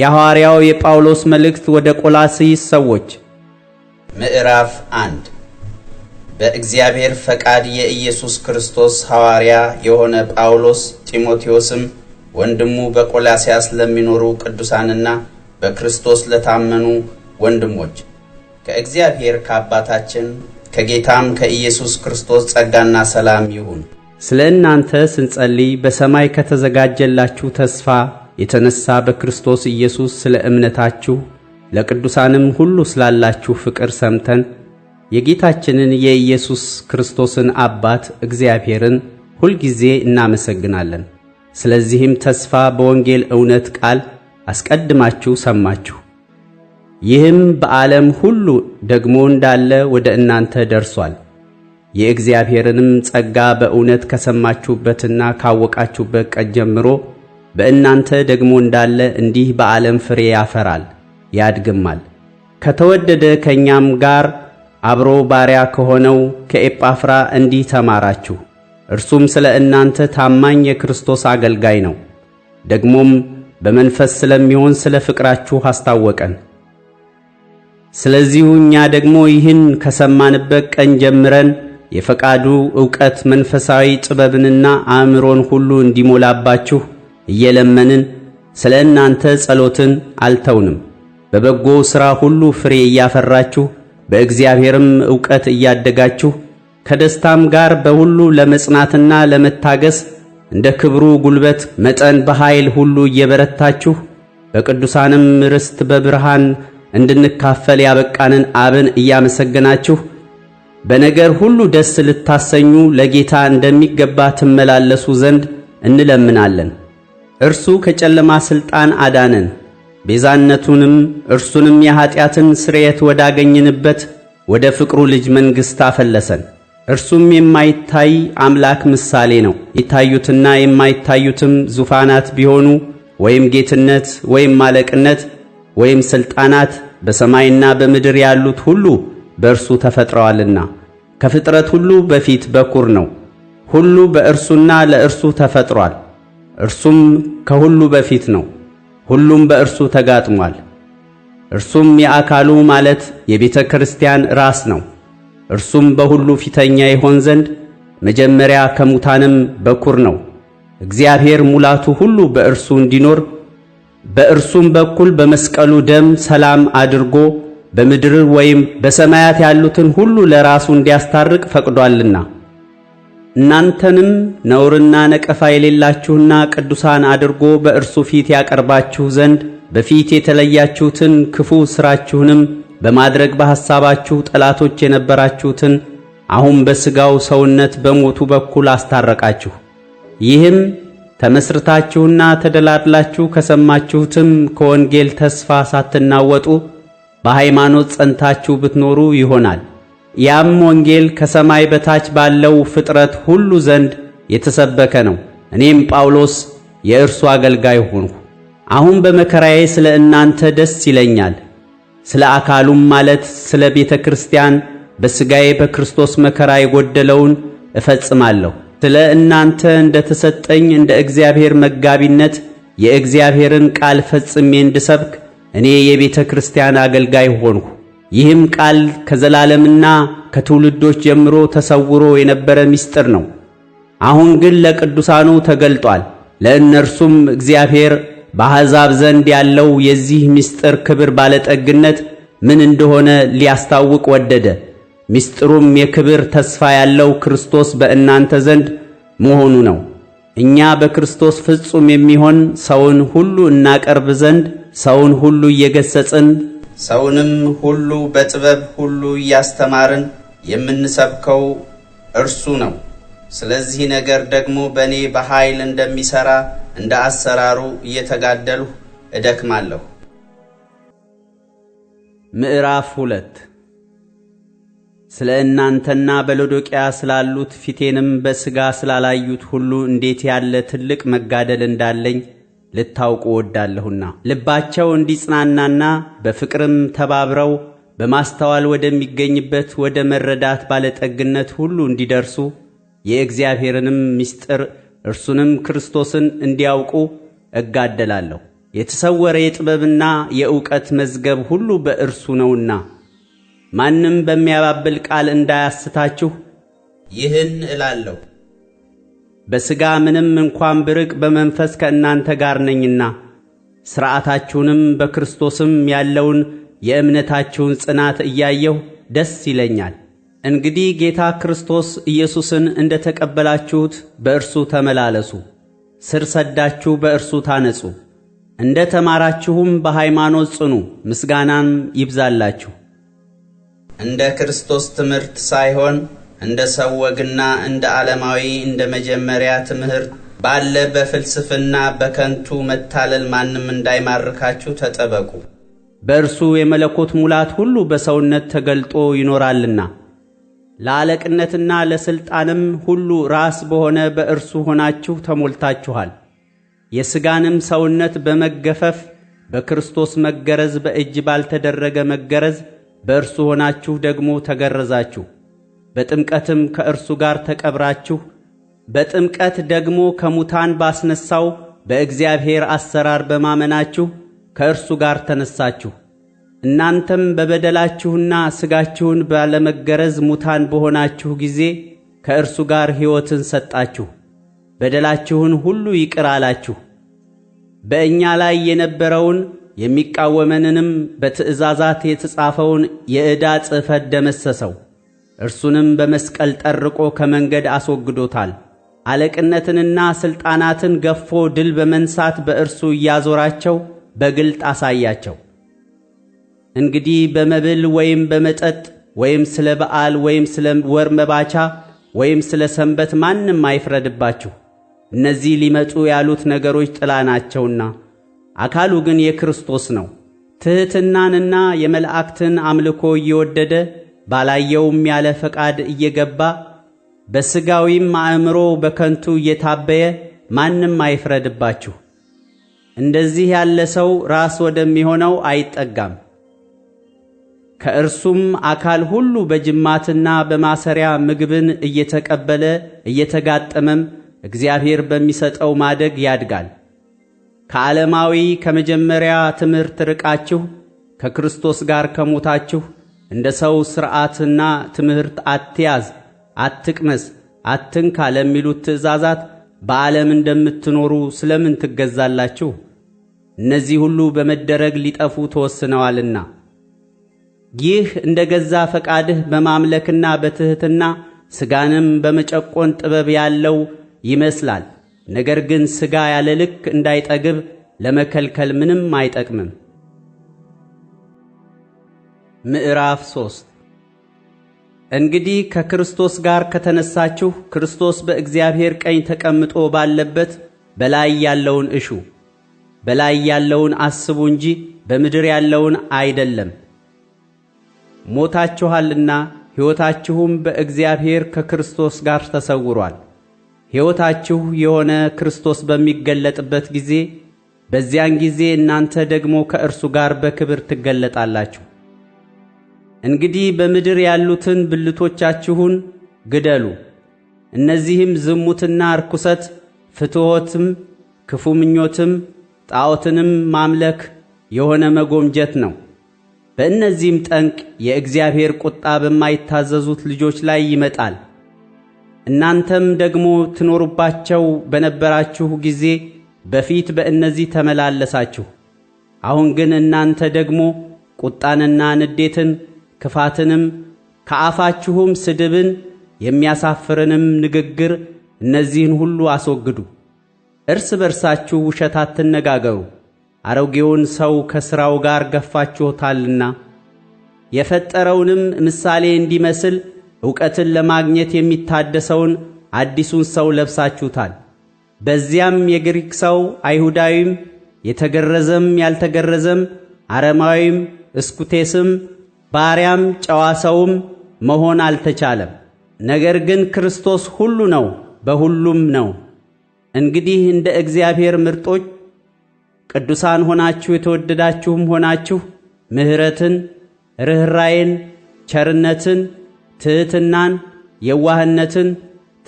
የሐዋርያው የጳውሎስ መልእክት ወደ ቆላስይስ ሰዎች ምዕራፍ አንድ በእግዚአብሔር ፈቃድ የኢየሱስ ክርስቶስ ሐዋርያ የሆነ ጳውሎስ፣ ጢሞቴዎስም ወንድሙ በቆላስያስ ለሚኖሩ ቅዱሳንና በክርስቶስ ለታመኑ ወንድሞች ከእግዚአብሔር ከአባታችን ከጌታም ከኢየሱስ ክርስቶስ ጸጋና ሰላም ይሁን። ስለ እናንተ ስንጸልይ በሰማይ ከተዘጋጀላችሁ ተስፋ የተነሳ በክርስቶስ ኢየሱስ ስለ እምነታችሁ ለቅዱሳንም ሁሉ ስላላችሁ ፍቅር ሰምተን የጌታችንን የኢየሱስ ክርስቶስን አባት እግዚአብሔርን ሁልጊዜ እናመሰግናለን። ስለዚህም ተስፋ በወንጌል እውነት ቃል አስቀድማችሁ ሰማችሁ። ይህም በዓለም ሁሉ ደግሞ እንዳለ ወደ እናንተ ደርሷል። የእግዚአብሔርንም ጸጋ በእውነት ከሰማችሁበትና ካወቃችሁበት ቀን ጀምሮ በእናንተ ደግሞ እንዳለ እንዲህ በዓለም ፍሬ ያፈራል ያድግማል። ከተወደደ ከእኛም ጋር አብሮ ባሪያ ከሆነው ከኤጳፍራ እንዲህ ተማራችሁ። እርሱም ስለ እናንተ ታማኝ የክርስቶስ አገልጋይ ነው። ደግሞም በመንፈስ ስለሚሆን ስለ ፍቅራችሁ አስታወቀን። ስለዚሁ እኛ ደግሞ ይህን ከሰማንበት ቀን ጀምረን የፈቃዱ ዕውቀት መንፈሳዊ ጥበብንና አእምሮን ሁሉ እንዲሞላባችሁ እየለመንን ስለ እናንተ ጸሎትን አልተውንም። በበጎ ሥራ ሁሉ ፍሬ እያፈራችሁ በእግዚአብሔርም ዕውቀት እያደጋችሁ ከደስታም ጋር በሁሉ ለመጽናትና ለመታገስ እንደ ክብሩ ጉልበት መጠን በኃይል ሁሉ እየበረታችሁ በቅዱሳንም ርስት በብርሃን እንድንካፈል ያበቃንን አብን እያመሰገናችሁ በነገር ሁሉ ደስ ልታሰኙ ለጌታ እንደሚገባ ትመላለሱ ዘንድ እንለምናለን። እርሱ ከጨለማ ሥልጣን አዳነን፣ ቤዛነቱንም እርሱንም የኀጢአትን ስርየት ወዳገኝንበት ወደ ፍቅሩ ልጅ መንግሥት አፈለሰን። እርሱም የማይታይ አምላክ ምሳሌ ነው። የታዩትና የማይታዩትም ዙፋናት ቢሆኑ ወይም ጌትነት ወይም ማለቅነት ወይም ሥልጣናት በሰማይና በምድር ያሉት ሁሉ በእርሱ ተፈጥረዋልና ከፍጥረት ሁሉ በፊት በኩር ነው። ሁሉ በእርሱና ለእርሱ ተፈጥሯል። እርሱም ከሁሉ በፊት ነው፣ ሁሉም በእርሱ ተጋጥሟል። እርሱም የአካሉ ማለት የቤተ ክርስቲያን ራስ ነው። እርሱም በሁሉ ፊተኛ ይሆን ዘንድ መጀመሪያ ከሙታንም በኩር ነው። እግዚአብሔር ሙላቱ ሁሉ በእርሱ እንዲኖር በእርሱም በኩል በመስቀሉ ደም ሰላም አድርጎ በምድር ወይም በሰማያት ያሉትን ሁሉ ለራሱ እንዲያስታርቅ ፈቅዷልና እናንተንም ነውርና ነቀፋ የሌላችሁና ቅዱሳን አድርጎ በእርሱ ፊት ያቀርባችሁ ዘንድ በፊት የተለያችሁትን ክፉ ሥራችሁንም በማድረግ በሐሳባችሁ ጠላቶች የነበራችሁትን አሁን በሥጋው ሰውነት በሞቱ በኩል አስታረቃችሁ። ይህም ተመስርታችሁና ተደላድላችሁ ከሰማችሁትም ከወንጌል ተስፋ ሳትናወጡ በሃይማኖት ጸንታችሁ ብትኖሩ ይሆናል። ያም ወንጌል ከሰማይ በታች ባለው ፍጥረት ሁሉ ዘንድ የተሰበከ ነው። እኔም ጳውሎስ የእርሱ አገልጋይ ሆንሁ። አሁን በመከራዬ ስለ እናንተ ደስ ይለኛል። ስለ አካሉም ማለት ስለ ቤተ ክርስቲያን በሥጋዬ በክርስቶስ መከራ የጎደለውን እፈጽማለሁ። ስለ እናንተ እንደ ተሰጠኝ እንደ እግዚአብሔር መጋቢነት የእግዚአብሔርን ቃል ፈጽሜ እንድሰብክ እኔ የቤተ ክርስቲያን አገልጋይ ሆንሁ። ይህም ቃል ከዘላለምና ከትውልዶች ጀምሮ ተሰውሮ የነበረ ምስጢር ነው። አሁን ግን ለቅዱሳኑ ተገልጧል። ለእነርሱም እግዚአብሔር በአሕዛብ ዘንድ ያለው የዚህ ምስጢር ክብር ባለጠግነት ምን እንደሆነ ሊያስታውቅ ወደደ። ምስጢሩም የክብር ተስፋ ያለው ክርስቶስ በእናንተ ዘንድ መሆኑ ነው። እኛ በክርስቶስ ፍጹም የሚሆን ሰውን ሁሉ እናቀርብ ዘንድ ሰውን ሁሉ እየገሰጽን ሰውንም ሁሉ በጥበብ ሁሉ እያስተማርን የምንሰብከው እርሱ ነው። ስለዚህ ነገር ደግሞ በእኔ በኃይል እንደሚሰራ እንደ አሰራሩ እየተጋደልሁ እደክማለሁ። ምዕራፍ ሁለት ስለ እናንተና በሎዶቅያ ስላሉት ፊቴንም በሥጋ ስላላዩት ሁሉ እንዴት ያለ ትልቅ መጋደል እንዳለኝ ልታውቁ ወዳለሁና ልባቸው እንዲጽናናና በፍቅርም ተባብረው በማስተዋል ወደሚገኝበት ወደ መረዳት ባለጠግነት ሁሉ እንዲደርሱ የእግዚአብሔርንም ምስጢር እርሱንም ክርስቶስን እንዲያውቁ እጋደላለሁ። የተሰወረ የጥበብና የእውቀት መዝገብ ሁሉ በእርሱ ነውና ማንም በሚያባብል ቃል እንዳያስታችሁ ይህን እላለሁ። በሥጋ ምንም እንኳን ብርቅ በመንፈስ ከእናንተ ጋር ነኝና ሥርዓታችሁንም በክርስቶስም ያለውን የእምነታችሁን ጽናት እያየሁ ደስ ይለኛል። እንግዲህ ጌታ ክርስቶስ ኢየሱስን እንደ ተቀበላችሁት በእርሱ ተመላለሱ፣ ስር ሰዳችሁ በእርሱ ታነጹ፣ እንደ ተማራችሁም በሃይማኖት ጽኑ፣ ምስጋናም ይብዛላችሁ። እንደ ክርስቶስ ትምህርት ሳይሆን እንደ ሰው ወግና እንደ ዓለማዊ እንደ መጀመሪያ ትምህርት ባለ በፍልስፍና በከንቱ መታለል ማንም እንዳይማርካችሁ ተጠበቁ። በእርሱ የመለኮት ሙላት ሁሉ በሰውነት ተገልጦ ይኖራልና ለአለቅነትና ለሥልጣንም ሁሉ ራስ በሆነ በእርሱ ሆናችሁ ተሞልታችኋል። የሥጋንም ሰውነት በመገፈፍ በክርስቶስ መገረዝ በእጅ ባልተደረገ መገረዝ በእርሱ ሆናችሁ ደግሞ ተገረዛችሁ። በጥምቀትም ከእርሱ ጋር ተቀብራችሁ በጥምቀት ደግሞ ከሙታን ባስነሳው በእግዚአብሔር አሰራር በማመናችሁ ከእርሱ ጋር ተነሳችሁ። እናንተም በበደላችሁና ሥጋችሁን ባለመገረዝ ሙታን በሆናችሁ ጊዜ ከእርሱ ጋር ሕይወትን ሰጣችሁ፣ በደላችሁን ሁሉ ይቅር አላችሁ። በእኛ ላይ የነበረውን የሚቃወመንንም በትእዛዛት የተጻፈውን የዕዳ ጽሕፈት ደመሰሰው። እርሱንም በመስቀል ጠርቆ ከመንገድ አስወግዶታል። አለቅነትንና ሥልጣናትን ገፎ ድል በመንሳት በእርሱ እያዞራቸው በግልጥ አሳያቸው። እንግዲህ በመብል ወይም በመጠጥ ወይም ስለ በዓል ወይም ስለ ወር መባቻ ወይም ስለ ሰንበት ማንም አይፍረድባችሁ። እነዚህ ሊመጡ ያሉት ነገሮች ጥላ ናቸውና፣ አካሉ ግን የክርስቶስ ነው። ትሕትናንና የመላእክትን አምልኮ እየወደደ ባላየውም ያለ ፈቃድ እየገባ በሥጋዊም አእምሮ በከንቱ እየታበየ ማንም አይፍረድባችሁ። እንደዚህ ያለ ሰው ራስ ወደሚሆነው አይጠጋም። ከእርሱም አካል ሁሉ በጅማትና በማሰሪያ ምግብን እየተቀበለ እየተጋጠመም እግዚአብሔር በሚሰጠው ማደግ ያድጋል። ከዓለማዊ ከመጀመሪያ ትምህርት ርቃችሁ ከክርስቶስ ጋር ከሞታችሁ እንደ ሰው ሥርዓትና ትምህርት አትያዝ፣ አትቅመስ፣ አትንካ ለሚሉት ትእዛዛት በዓለም እንደምትኖሩ ስለምን ትገዛላችሁ? እነዚህ ሁሉ በመደረግ ሊጠፉ ተወስነዋልና። ይህ እንደ ገዛ ፈቃድህ በማምለክና በትሕትና ሥጋንም በመጨቆን ጥበብ ያለው ይመስላል። ነገር ግን ሥጋ ያለ ልክ እንዳይጠግብ ለመከልከል ምንም አይጠቅምም። ምዕራፍ ሶስት እንግዲህ ከክርስቶስ ጋር ከተነሳችሁ ክርስቶስ በእግዚአብሔር ቀኝ ተቀምጦ ባለበት በላይ ያለውን እሹ በላይ ያለውን አስቡ እንጂ በምድር ያለውን አይደለም። ሞታችኋልና ሕይወታችሁም በእግዚአብሔር ከክርስቶስ ጋር ተሰውሯል። ሕይወታችሁ የሆነ ክርስቶስ በሚገለጥበት ጊዜ፣ በዚያን ጊዜ እናንተ ደግሞ ከእርሱ ጋር በክብር ትገለጣላችሁ። እንግዲህ በምድር ያሉትን ብልቶቻችሁን ግደሉ። እነዚህም ዝሙትና ርኩሰት፣ ፍትወትም፣ ክፉ ምኞትም፣ ጣዖትንም ማምለክ የሆነ መጎምጀት ነው። በእነዚህም ጠንቅ የእግዚአብሔር ቁጣ በማይታዘዙት ልጆች ላይ ይመጣል። እናንተም ደግሞ ትኖሩባቸው በነበራችሁ ጊዜ በፊት በእነዚህ ተመላለሳችሁ። አሁን ግን እናንተ ደግሞ ቁጣንና ንዴትን ክፋትንም ከአፋችሁም ስድብን የሚያሳፍርንም ንግግር እነዚህን ሁሉ አስወግዱ። እርስ በርሳችሁ ውሸት አትነጋገሩ፣ አሮጌውን ሰው ከሥራው ጋር ገፋችሁታልና። የፈጠረውንም ምሳሌ እንዲመስል ዕውቀትን ለማግኘት የሚታደሰውን አዲሱን ሰው ለብሳችሁታል። በዚያም የግሪክ ሰው አይሁዳዊም፣ የተገረዘም፣ ያልተገረዘም፣ አረማዊም፣ እስኩቴስም ባሪያም ጨዋ ሰውም መሆን አልተቻለም። ነገር ግን ክርስቶስ ሁሉ ነው፣ በሁሉም ነው። እንግዲህ እንደ እግዚአብሔር ምርጦች ቅዱሳን ሆናችሁ የተወደዳችሁም ሆናችሁ ምሕረትን፣ ርኅራይን፣ ቸርነትን፣ ትሕትናን፣ የዋህነትን፣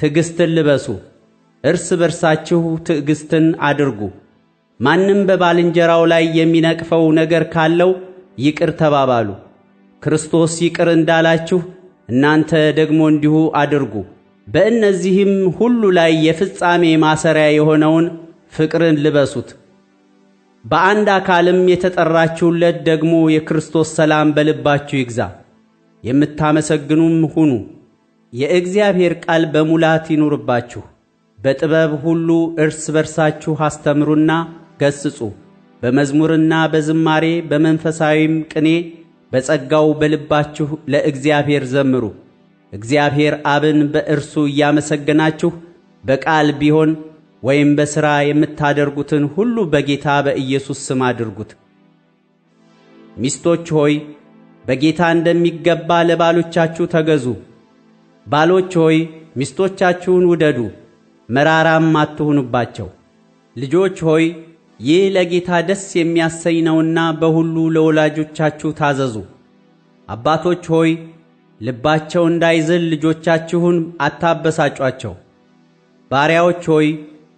ትዕግስትን ልበሱ። እርስ በርሳችሁ ትዕግስትን አድርጉ። ማንም በባልንጀራው ላይ የሚነቅፈው ነገር ካለው ይቅር ተባባሉ። ክርስቶስ ይቅር እንዳላችሁ እናንተ ደግሞ እንዲሁ አድርጉ። በእነዚህም ሁሉ ላይ የፍጻሜ ማሰሪያ የሆነውን ፍቅርን ልበሱት። በአንድ አካልም የተጠራችሁለት ደግሞ የክርስቶስ ሰላም በልባችሁ ይግዛ። የምታመሰግኑም ሁኑ። የእግዚአብሔር ቃል በሙላት ይኑርባችሁ። በጥበብ ሁሉ እርስ በርሳችሁ አስተምሩና ገስጹ። በመዝሙርና በዝማሬ በመንፈሳዊም ቅኔ በጸጋው በልባችሁ ለእግዚአብሔር ዘምሩ። እግዚአብሔር አብን በእርሱ እያመሰገናችሁ በቃል ቢሆን ወይም በሥራ የምታደርጉትን ሁሉ በጌታ በኢየሱስ ስም አድርጉት። ሚስቶች ሆይ በጌታ እንደሚገባ ለባሎቻችሁ ተገዙ። ባሎች ሆይ ሚስቶቻችሁን ውደዱ፣ መራራም አትሁኑባቸው። ልጆች ሆይ ይህ ለጌታ ደስ የሚያሰኝ ነውና በሁሉ ለወላጆቻችሁ ታዘዙ። አባቶች ሆይ ልባቸው እንዳይዝል ልጆቻችሁን አታበሳጯቸው። ባሪያዎች ሆይ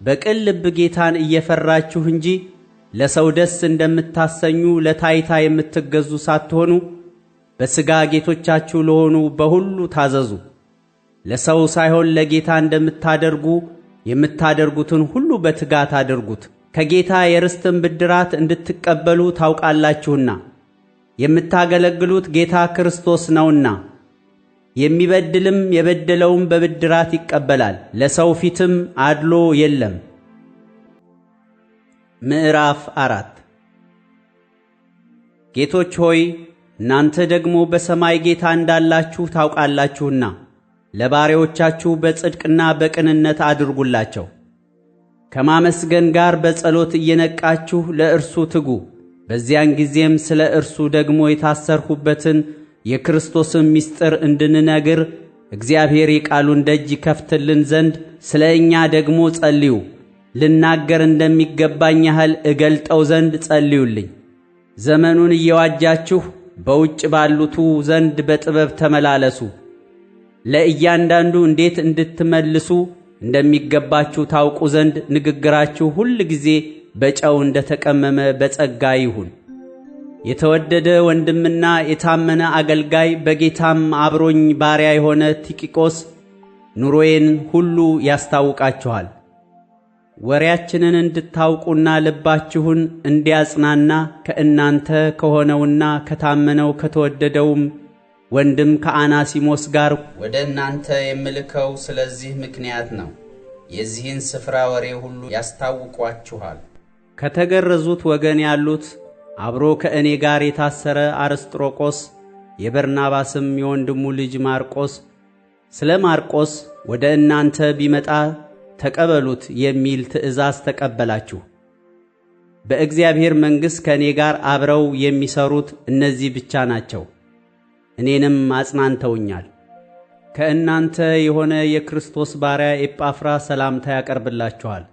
በቅን ልብ ጌታን እየፈራችሁ እንጂ ለሰው ደስ እንደምታሰኙ ለታይታ የምትገዙ ሳትሆኑ በሥጋ ጌቶቻችሁ ለሆኑ በሁሉ ታዘዙ። ለሰው ሳይሆን ለጌታ እንደምታደርጉ የምታደርጉትን ሁሉ በትጋት አድርጉት። ከጌታ የርስትን ብድራት እንድትቀበሉ ታውቃላችሁና የምታገለግሉት ጌታ ክርስቶስ ነውና። የሚበድልም የበደለውም በብድራት ይቀበላል፣ ለሰው ፊትም አድሎ የለም። ምዕራፍ አራት ጌቶች ሆይ እናንተ ደግሞ በሰማይ ጌታ እንዳላችሁ ታውቃላችሁና ለባሪያዎቻችሁ በጽድቅና በቅንነት አድርጉላቸው። ከማመስገን ጋር በጸሎት እየነቃችሁ ለእርሱ ትጉ። በዚያን ጊዜም ስለ እርሱ ደግሞ የታሰርሁበትን የክርስቶስን ምስጢር እንድንነግር እግዚአብሔር የቃሉን ደጅ ይከፍትልን ዘንድ ስለ እኛ ደግሞ ጸልዩ። ልናገር እንደሚገባኝ ያህል እገልጠው ዘንድ ጸልዩልኝ። ዘመኑን እየዋጃችሁ በውጭ ባሉቱ ዘንድ በጥበብ ተመላለሱ። ለእያንዳንዱ እንዴት እንድትመልሱ እንደሚገባችሁ ታውቁ ዘንድ ንግግራችሁ ሁል ጊዜ በጨው እንደተቀመመ በጸጋ ይሁን። የተወደደ ወንድምና የታመነ አገልጋይ በጌታም አብሮኝ ባሪያ የሆነ ቲቂቆስ ኑሮዬን ሁሉ ያስታውቃችኋል። ወሬያችንን እንድታውቁና ልባችሁን እንዲያጽናና ከእናንተ ከሆነውና ከታመነው ከተወደደውም ወንድም ከአናሲሞስ ጋር ወደ እናንተ የምልከው ስለዚህ ምክንያት ነው። የዚህን ስፍራ ወሬ ሁሉ ያስታውቋችኋል። ከተገረዙት ወገን ያሉት አብሮ ከእኔ ጋር የታሰረ አርስጥሮቆስ፣ የበርናባስም የወንድሙ ልጅ ማርቆስ ስለ ማርቆስ ወደ እናንተ ቢመጣ ተቀበሉት የሚል ትእዛዝ ተቀበላችሁ። በእግዚአብሔር መንግሥት ከእኔ ጋር አብረው የሚሰሩት እነዚህ ብቻ ናቸው። እኔንም አጽናንተውኛል። ከእናንተ የሆነ የክርስቶስ ባሪያ ኤጳፍራ ሰላምታ ያቀርብላችኋል።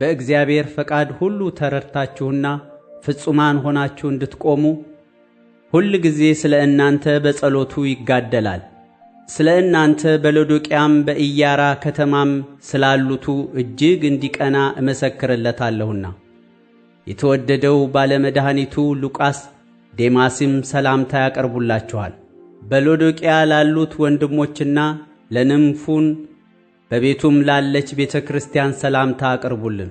በእግዚአብሔር ፈቃድ ሁሉ ተረድታችሁና ፍጹማን ሆናችሁ እንድትቆሙ ሁል ጊዜ ስለ እናንተ በጸሎቱ ይጋደላል። ስለ እናንተ በሎዶቅያም በኢያራ ከተማም ስላሉቱ እጅግ እንዲቀና እመሰክርለታለሁና። የተወደደው ባለመድኃኒቱ ሉቃስ፣ ዴማስም ሰላምታ ያቀርቡላችኋል። በሎዶቅያ ላሉት ወንድሞችና ለንምፉን በቤቱም ላለች ቤተ ክርስቲያን ሰላምታ አቅርቡልን።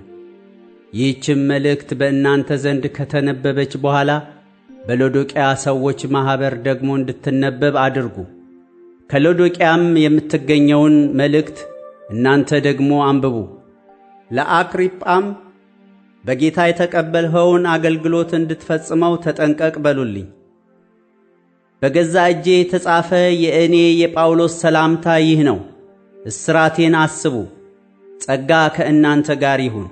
ይህችም መልእክት በእናንተ ዘንድ ከተነበበች በኋላ በሎዶቅያ ሰዎች ማኅበር ደግሞ እንድትነበብ አድርጉ። ከሎዶቅያም የምትገኘውን መልእክት እናንተ ደግሞ አንብቡ። ለአክሪጳም በጌታ የተቀበልኸውን አገልግሎት እንድትፈጽመው ተጠንቀቅ በሉልኝ። በገዛ እጄ የተጻፈ የእኔ የጳውሎስ ሰላምታ ይህ ነው። እስራቴን አስቡ። ጸጋ ከእናንተ ጋር ይሁን።